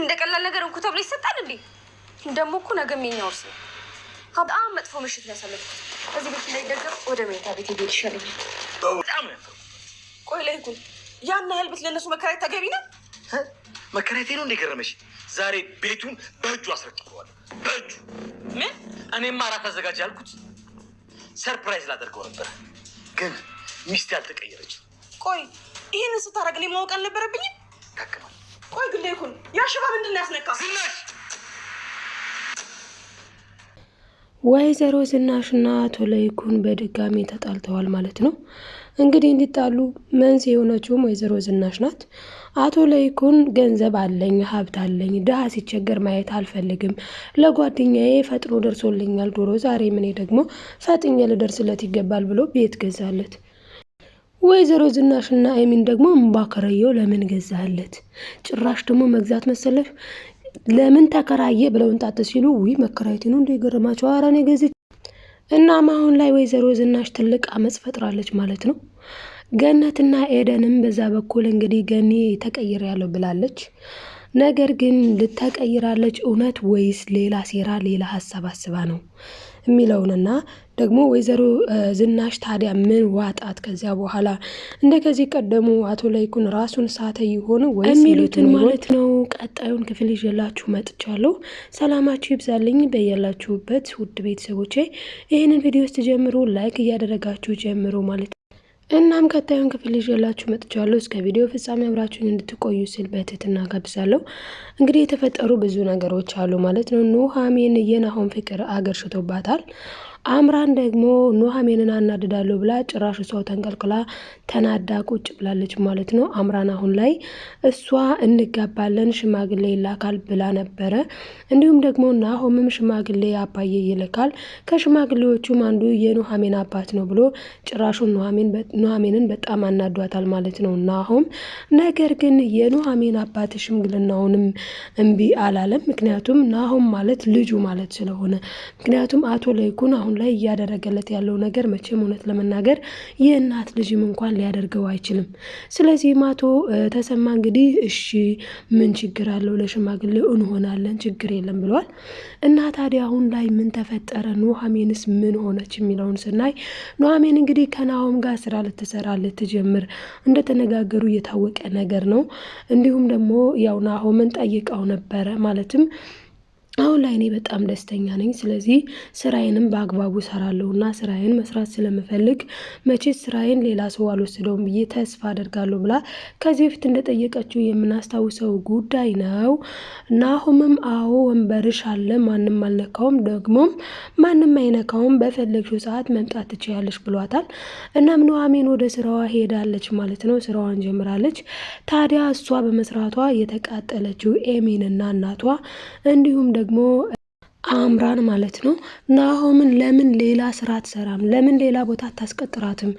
እንደ ቀላል ነገር እንኩ ተብሎ ይሰጣል እንዴ? ደግሞ እኮ ነገ የኛውርስ ነው። በጣም መጥፎ ምሽት ነው ያሳለፍኩት። እዚህ ቤት ላይ ደገፍ ወደ መኝታ ቤት ሄድ ይሻለኛል። በጣም ቆይ ላይ ኩል ያን ያህል ቤት ለእነሱ መከራየት ተገቢ ነው? መከራየቴ ነው እንደገረመሽ። ዛሬ ቤቱን በእጁ አስረክበዋለሁ። በእጁ ምን? እኔማ እራት አዘጋጅ ያልኩት ሰርፕራይዝ ላደርገው ነበር፣ ግን ሚስቴ አልተቀየረች። ቆይ ይህን ስታደርግ እኔ ማወቅ አልነበረብኝም? ታክማል ቆይ ግሌ ይሁን ያሽባ ምንድን ያስነካ ወይዘሮ ዝናሽና አቶ ለይኩን በድጋሚ ተጣልተዋል ማለት ነው። እንግዲህ እንዲጣሉ መንስኤ የሆነችውም ወይዘሮ ዝናሽ ናት። አቶ ለይኩን ገንዘብ አለኝ፣ ሀብት አለኝ፣ ድሃ ሲቸገር ማየት አልፈልግም፣ ለጓደኛዬ ፈጥኖ ደርሶልኛል ዶሮ ዛሬ ምን ደግሞ ፈጥኜ ልደርስለት ይገባል ብሎ ቤት ገዛለት። ወይዘሮ ዝናሽና አይሚን ደግሞ እምባከረየው ለምን ገዛህለት? ጭራሽ ደግሞ መግዛት መሰለሽ ለምን ተከራየ ብለው እንጣጥ ሲሉ ውይ መከራየት ነው እንደ የገረማቸው አራኔ ገዝ እናም አሁን ላይ ወይዘሮ ዝናሽ ትልቅ አመፅ ፈጥራለች ማለት ነው። ገነትና ኤደንም በዛ በኩል እንግዲህ ገኒ ተቀይር ያለው ብላለች። ነገር ግን ልተቀይራለች እውነት ወይስ ሌላ ሴራ ሌላ ሀሳብ አስባ ነው የሚለውንና ደግሞ ወይዘሮ ዝናሽ ታዲያ ምን ዋጣት? ከዚያ በኋላ እንደ ከዚህ ቀደሙ አቶ ላይኩን ራሱን ሳተ ይሆን ወይስ የሚሉትን ማለት ነው። ቀጣዩን ክፍል ይዤላችሁ መጥቻለሁ። ሰላማችሁ ይብዛልኝ በያላችሁበት ውድ ቤተሰቦቼ። ይህንን ቪዲዮ ስትጀምሩ ላይክ እያደረጋችሁ ጀምሩ ማለት ነው። እናም ቀጣዩን ክፍል ይዤላችሁ መጥቻለሁ። እስከ ቪዲዮ ፍጻሜ አብራችሁን እንድትቆዩ ስል በትህትና ጋብዛለሁ። እንግዲህ የተፈጠሩ ብዙ ነገሮች አሉ ማለት ነው። ኑሃሚን የናሆም ፍቅር አገርሽቶባታል። አምራን ደግሞ ኑሐሚንን አናድዳለሁ ብላ ጭራሽ እሷው ተንቀልቅላ ተናዳ ቁጭ ብላለች ማለት ነው። አምራን አሁን ላይ እሷ እንጋባለን ሽማግሌ ይላካል ብላ ነበረ። እንዲሁም ደግሞ ናሆምም ሽማግሌ አባዬ ይልካል ከሽማግሌዎቹም አንዱ የኑሐሚን አባት ነው ብሎ ጭራሹን ኑሐሚንን በጣም አናዷታል ማለት ነው ናሆም። ነገር ግን የኑሐሚን አባት ሽምግልናውንም እምቢ አላለም። ምክንያቱም ናሆም ማለት ልጁ ማለት ስለሆነ ምክንያቱም አቶ ለይኩን አሁን አሁን ላይ እያደረገለት ያለው ነገር መቼም እውነት ለመናገር የእናት ልጅም እንኳን ሊያደርገው አይችልም። ስለዚህ ማቶ ተሰማ እንግዲህ እሺ ምን ችግር አለው ለሽማግሌው እንሆናለን ችግር የለም ብለዋል። እና ታዲያ አሁን ላይ ምን ተፈጠረ ኑሐሚንስ ምን ሆነች የሚለውን ስናይ ኑሐሚን እንግዲህ ከናሆም ጋር ስራ ልትሰራ ልትጀምር እንደተነጋገሩ የታወቀ ነገር ነው። እንዲሁም ደግሞ ያው ናሆምን ጠይቀው ነበረ ማለትም አሁን ላይ እኔ በጣም ደስተኛ ነኝ። ስለዚህ ስራዬንም በአግባቡ ሰራለሁ እና ስራዬን መስራት ስለምፈልግ መቼ ስራዬን ሌላ ሰው አልወስደውም ብዬ ተስፋ አደርጋለሁ ብላ ከዚህ በፊት እንደጠየቀችው የምናስታውሰው ጉዳይ ነው። ናሁምም አዎ ወንበርሽ አለ፣ ማንም አልነካውም፣ ደግሞም ማንም አይነካውም፣ በፈለግሽው ሰዓት መምጣት ትችያለሽ ብሏታል። እናም ኑሐሚን ወደ ስራዋ ሄዳለች ማለት ነው። ስራዋን ጀምራለች። ታዲያ እሷ በመስራቷ የተቃጠለችው ኤሚንና እናቷ እንዲሁም ደግሞ አምራን ማለት ነው። ናሆምን ለምን ሌላ ስራ አትሰራም? ለምን ሌላ ቦታ አታስቀጥራትም?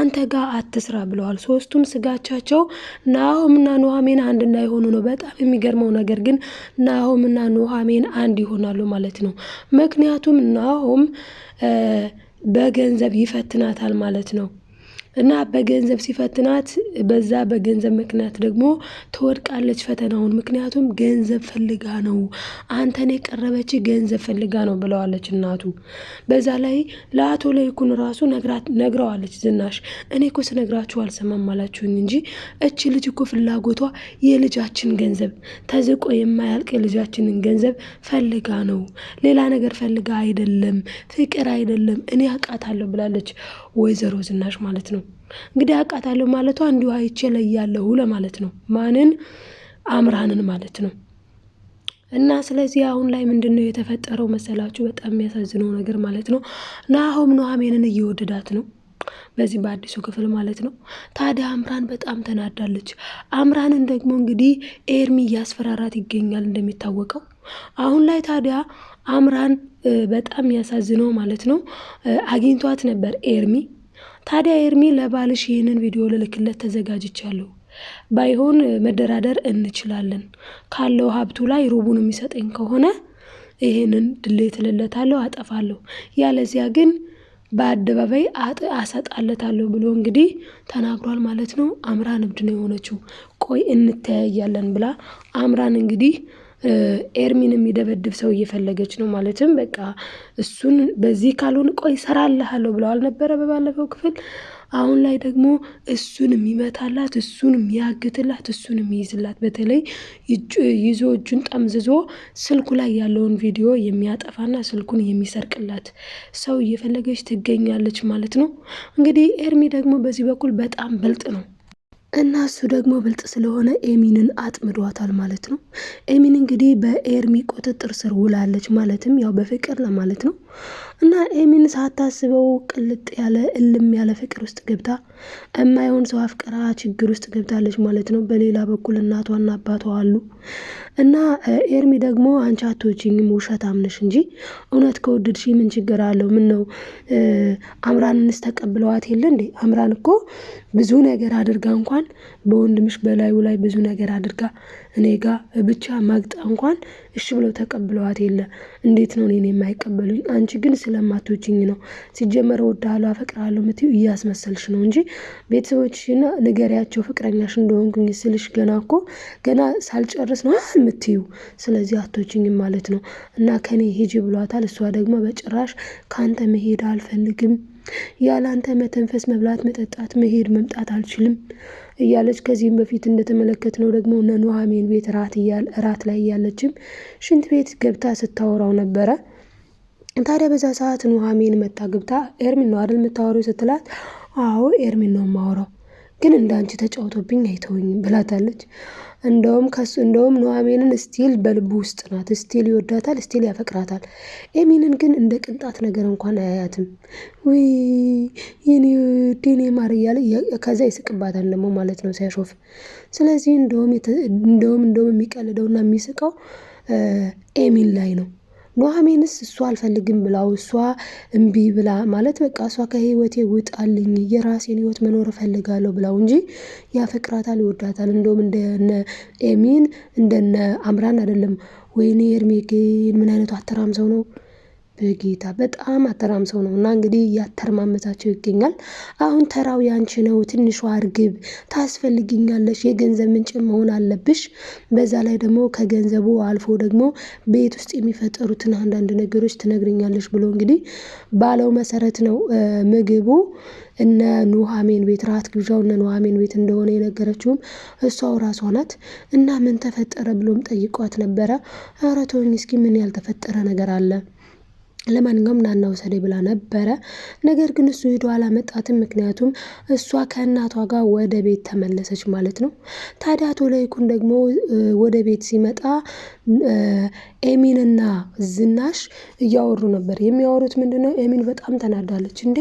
አንተ ጋር አትስራ ብለዋል። ሶስቱም ስጋቻቸው ናሆምና ኑሐሜን አንድ እንዳይሆኑ ነው። በጣም የሚገርመው ነገር ግን ናሆምና ኑሐሜን አንድ ይሆናሉ ማለት ነው። ምክንያቱም ናሆም በገንዘብ ይፈትናታል ማለት ነው። እና በገንዘብ ሲፈትናት በዛ በገንዘብ ምክንያት ደግሞ ትወድቃለች ፈተናውን። ምክንያቱም ገንዘብ ፈልጋ ነው አንተን የቀረበች ገንዘብ ፈልጋ ነው ብለዋለች እናቱ። በዛ ላይ ለአቶ ለይኩን ራሱ ነግረዋለች ዝናሽ። እኔ እኮ ስነግራችሁ አልሰማም አላችሁኝ እንጂ እች ልጅ እኮ ፍላጎቷ የልጃችን ገንዘብ ተዝቆ የማያልቅ የልጃችንን ገንዘብ ፈልጋ ነው፣ ሌላ ነገር ፈልጋ አይደለም፣ ፍቅር አይደለም፣ እኔ አውቃታለሁ ብላለች። ወይዘሮ ዝናሽ ማለት ነው። እንግዲህ አውቃታለሁ ማለቷ እንዲሁ አይቼ እለያለሁ ለማለት ነው። ማንን? አምራንን ማለት ነው። እና ስለዚህ አሁን ላይ ምንድን ነው የተፈጠረው መሰላችሁ? በጣም የሚያሳዝነው ነገር ማለት ነው ናሆም ኑሐሚንን እየወደዳት ነው በዚህ በአዲሱ ክፍል ማለት ነው። ታዲያ አምራን በጣም ተናዳለች። አምራንን ደግሞ እንግዲህ ኤርሚ እያስፈራራት ይገኛል እንደሚታወቀው አሁን ላይ ታዲያ አምራን በጣም ያሳዝነው ማለት ነው አግኝቷት ነበር ኤርሚ። ታዲያ ኤርሚ ለባልሽ ይህንን ቪዲዮ ልልክለት ተዘጋጅቻለሁ ባይሆን መደራደር እንችላለን ካለው ሀብቱ ላይ ሩቡን የሚሰጠኝ ከሆነ ይህንን ድሌት እልለታለሁ፣ አጠፋለሁ። ያለዚያ ግን በአደባባይ አሰጣለታለሁ ብሎ እንግዲህ ተናግሯል ማለት ነው። አምራን እብድ ነው የሆነችው። ቆይ እንተያያለን ብላ አምራን እንግዲህ ኤርሚን የሚደበድብ ሰው እየፈለገች ነው። ማለትም በቃ እሱን በዚህ ካልሆን ቆይ እሰራልሃለሁ ብለ አልነበረ በባለፈው ክፍል። አሁን ላይ ደግሞ እሱን የሚመታላት፣ እሱን የሚያግትላት፣ እሱን የሚይዝላት በተለይ ይዞ እጁን ጠምዝዞ ስልኩ ላይ ያለውን ቪዲዮ የሚያጠፋና ስልኩን የሚሰርቅላት ሰው እየፈለገች ትገኛለች ማለት ነው። እንግዲህ ኤርሚ ደግሞ በዚህ በኩል በጣም ብልጥ ነው። እና እሱ ደግሞ ብልጥ ስለሆነ ኤሚንን አጥምዷታል ማለት ነው። ኤሚን እንግዲህ በኤርሚ ቁጥጥር ስር ውላለች ማለትም ያው በፍቅር ለማለት ነው። እና ኤሚን ሳታስበው ቅልጥ ያለ እልም ያለ ፍቅር ውስጥ ገብታ እማይሆን ሰው አፍቅራ ችግር ውስጥ ገብታለች ማለት ነው። በሌላ በኩል እናቷና አባቷ አሉ እና ኤርሚ ደግሞ አንቺ አትወጂኝም ውሸት አምነሽ እንጂ እውነት ከወደድሽ ምን ችግር አለው? ምን ነው አምራንንስ ተቀብለዋት የለ እንዴ? አምራን እኮ ብዙ ነገር አድርጋ እንኳን እንኳን በወንድምሽ በላዩ ላይ ብዙ ነገር አድርጋ እኔ ጋ ብቻ መግጣ እንኳን እሺ ብለው ተቀብለዋት የለ። እንዴት ነው እኔን የማይቀበሉኝ? አንቺ ግን ስለማትወጂኝ ነው። ሲጀመር እወድሃለሁ፣ አፈቅርሃለሁ የምትይው እያስመሰልሽ ነው እንጂ ቤተሰቦችና ንገሪያቸው ፍቅረኛሽ እንደሆንኩኝ ስልሽ ገና እኮ ገና ሳልጨርስ ነው የምትዩ። ስለዚህ አትወጂኝም ማለት ነው እና ከኔ ሂጂ ብሏታል። እሷ ደግሞ በጭራሽ ከአንተ መሄድ አልፈልግም ያለ አንተ መተንፈስ፣ መብላት፣ መጠጣት፣ መሄድ፣ መምጣት አልችልም እያለች ከዚህም በፊት እንደተመለከትነው ደግሞ እነ ኑሐሚን ቤት እራት ላይ እያለችም ሽንት ቤት ገብታ ስታወራው ነበረ። ታዲያ በዛ ሰዓት ኑሐሚን መታ ገብታ ኤርሚን ነው አይደል የምታወሪው ስትላት፣ አዎ ኤርሚን ነው የማወራው ግን እንደ አንቺ ተጫውቶብኝ አይተውኝም ብላታለች። እንደውም ከሱ እንደውም ኑሐሚንን ስቲል በልቡ ውስጥ ናት፣ ስቲል ይወዳታል፣ ስቲል ያፈቅራታል። ኤሚንን ግን እንደ ቅንጣት ነገር እንኳን አያያትም። ውይ ማር እያለ ከዛ ይስቅባታል ደግሞ ማለት ነው ሳይሾፍ። ስለዚህ እንደውም እንደውም እንደውም የሚቀልደውና የሚስቀው ኤሚን ላይ ነው። ኑሐሚንስ እሷ አልፈልግም ብላው እሷ እምቢ ብላ ማለት በቃ እሷ ከህይወቴ ውጣልኝ የራሴን ህይወት መኖር እፈልጋለሁ ብላው እንጂ ያፈቅራታል፣ ይወዳታል። እንደውም እንደነ ኤሚን እንደነ አምራን አይደለም። ወይኔ እድሜ ምን አይነቱ አተራም ሰው ነው። በጌታ በጣም አተራም ሰው ነው እና እንግዲህ እያተረማመሳቸው ይገኛል። አሁን ተራው ያንቺ ነው፣ ትንሿ እርግብ ታስፈልግኛለሽ፣ የገንዘብ ምንጭ መሆን አለብሽ። በዛ ላይ ደግሞ ከገንዘቡ አልፎ ደግሞ ቤት ውስጥ የሚፈጠሩትን አንዳንድ ነገሮች ትነግርኛለሽ ብሎ እንግዲህ ባለው መሰረት ነው ምግቡ እነ ኑሐሜን ቤት ራት ግብዣው እነ ኑሐሜን ቤት እንደሆነ የነገረችውም እሷው ራሷ ናት። እና ምን ተፈጠረ ብሎም ጠይቋት ነበረ። ኧረ ተወኝ እስኪ ምን ያልተፈጠረ ነገር አለ ለማንኛውም ናና ውሰደኝ ብላ ነበረ። ነገር ግን እሱ ሂዶ አላመጣትም። ምክንያቱም እሷ ከእናቷ ጋር ወደ ቤት ተመለሰች ማለት ነው። ታዲያ አቶ ለይኩን ደግሞ ወደ ቤት ሲመጣ ኤሚንና ዝናሽ እያወሩ ነበር። የሚያወሩት ምንድን ነው? ኤሚን በጣም ተናዳለች። እንዴ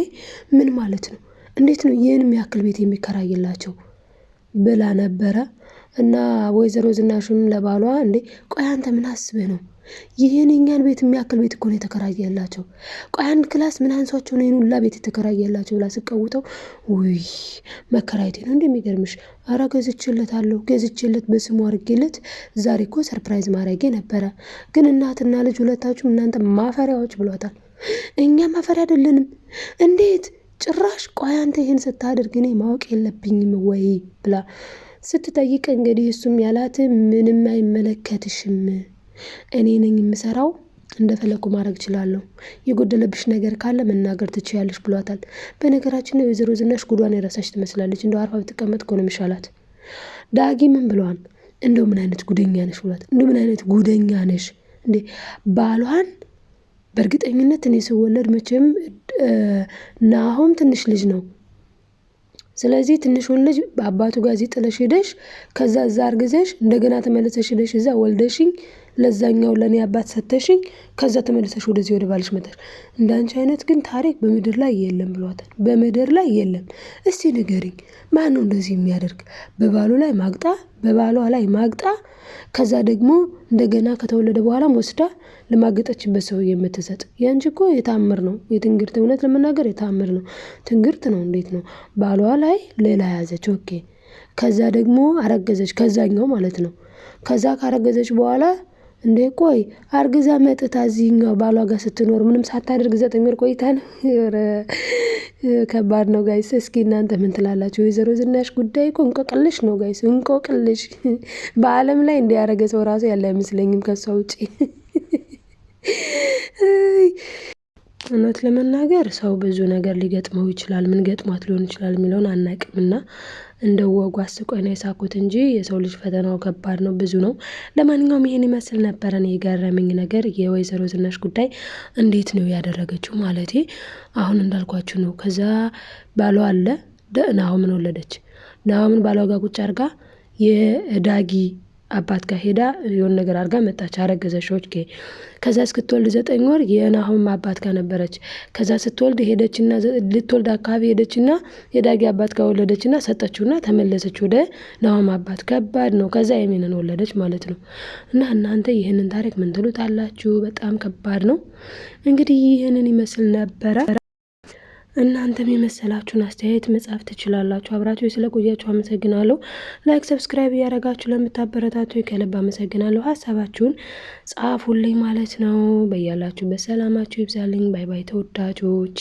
ምን ማለት ነው? እንዴት ነው ይህን የሚያክል ቤት የሚከራይላቸው ብላ ነበረ። እና ወይዘሮ ዝናሽም ለባሏ እንዴ ቆይ አንተ ምን አስበህ ነው ይህን እኛን ቤት የሚያክል ቤት እኮ ነው የተከራየላቸው። ቆይ አንድ ክላስ ምን አንሷቸው ነው ሁላ ቤት የተከራየላቸው ብላ ስቀውጠው፣ ውይ መከራየቴ ነው እንደሚገርምሽ። አረ አለው ገዝቼለት በስሙ አድርጌለት። ዛሬ እኮ ሰርፕራይዝ ማድረጌ ነበረ፣ ግን እናትና ልጅ ሁለታችሁም እናንተ ማፈሪያዎች ብሏታል። እኛ ማፈሪያ አይደለንም እንዴት ጭራሽ ቆይ አንተ ይህን ስታደርግ እኔ ማወቅ የለብኝም ወይ ብላ ስትጠይቅ፣ እንግዲህ እሱም ያላት ምንም አይመለከትሽም እኔ ነኝ የምሰራው እንደፈለኩ ማድረግ እችላለሁ የጎደለብሽ ነገር ካለ መናገር ትችያለሽ ብሏታል። በነገራችን ነው ወይዘሮ ዝናሽ ጉዷን የረሳች ትመስላለች እንደው አርፋ ብትቀመጥ እኮ የሚሻላት። ዳጊ ምን ብለዋል? እንደው ምን አይነት ጉደኛ ነሽ ብሏት እንደው ምን አይነት ጉደኛ ነሽ እንዴ ባሏን በእርግጠኝነት እኔ ስወለድ መቼም ናሆም ትንሽ ልጅ ነው። ስለዚህ ትንሹን ልጅ በአባቱ ጋር እዚህ ጥለሽ ሄደሽ ከዛ እዛ አርግዘሽ እንደገና ተመለሰሽ ሄደሽ እዛ ወልደሽኝ ለዛኛው ለእኔ አባት ሰተሽኝ ከዛ ተመልሰሽ ወደዚህ ወደ ባልሽ መጠር እንዳንቺ አይነት ግን ታሪክ በምድር ላይ የለም ብሏታል። በምድር ላይ የለም። እስቲ ንገሪኝ፣ ማን ነው እንደዚህ የሚያደርግ? በባሉ ላይ ማግጣ፣ በባሏ ላይ ማግጣ፣ ከዛ ደግሞ እንደገና ከተወለደ በኋላም ወስዳ ለማገጠችበት ሰው የምትሰጥ። ያንቺ እኮ የታምር ነው የትንግርት። እውነት ለመናገር የታምር ነው ትንግርት ነው። እንዴት ነው ባሏ ላይ ሌላ ያዘች? ኦኬ ከዛ ደግሞ አረገዘች፣ ከዛኛው ማለት ነው። ከዛ ካረገዘች በኋላ እንዴ ቆይ አርግዛ መጥታ እዚህኛው ባሏ ጋር ስትኖር ምንም ሳታደርግ ዘጠኝ ወር ቆይታ ነው። ከባድ ነው ጋይስ። እስኪ እናንተ ምን ትላላችሁ? ወይዘሮ ዝናሽ ጉዳይ እኮ እንቆቅልሽ ነው ጋይስ፣ እንቆቅልሽ። በአለም ላይ እንዲያረገ ሰው ራሱ ያለ አይመስለኝም ከሷ ውጪ። እውነት ለመናገር ሰው ብዙ ነገር ሊገጥመው ይችላል ምን ገጥሟት ሊሆን ይችላል የሚለውን አናቅምና እንደ ወጉ አስቆይ ነው የሳኩት እንጂ የሰው ልጅ ፈተናው ከባድ ነው፣ ብዙ ነው። ለማንኛውም ይሄን ይመስል ነበረ። እኔ የገረመኝ ነገር የወይዘሮ ዝናሽ ጉዳይ እንዴት ነው ያደረገችው ማለት አሁን እንዳልኳችሁ ነው። ከዛ ባሏ አለ ናሆምን ወለደች። ናሆምን ባሏ ጋር ቁጭ አድርጋ የዳጊ አባት ጋር ሄዳ የሆነ ነገር አድርጋ መጣች። አረገዘች። ኦኬ። ከዛ እስክትወልድ ዘጠኝ ወር የናሆም አባት ጋር ነበረች። ከዛ ስትወልድ ሄደችና ልትወልድ አካባቢ ሄደችና የዳጊ አባት ጋር ወለደችና ሰጠችውና ተመለሰች ወደ ናሆም አባት። ከባድ ነው። ከዛ የሚንን ወለደች ማለት ነው። እና እናንተ ይህንን ታሪክ ምን ትሉት አላችሁ? በጣም ከባድ ነው። እንግዲህ ይህንን ይመስል ነበረ። እናንተም የመሰላችሁን አስተያየት መጻፍ ትችላላችሁ። አብራችሁ ስለቆያችሁ አመሰግናለሁ። ላይክ፣ ሰብስክራይብ እያደረጋችሁ ለምታበረታቱ ከልብ አመሰግናለሁ። ሀሳባችሁን ጻፉልኝ ማለት ነው። በያላችሁ በሰላማችሁ ይብዛልኝ። ባይ ባይ ተወዳጆች።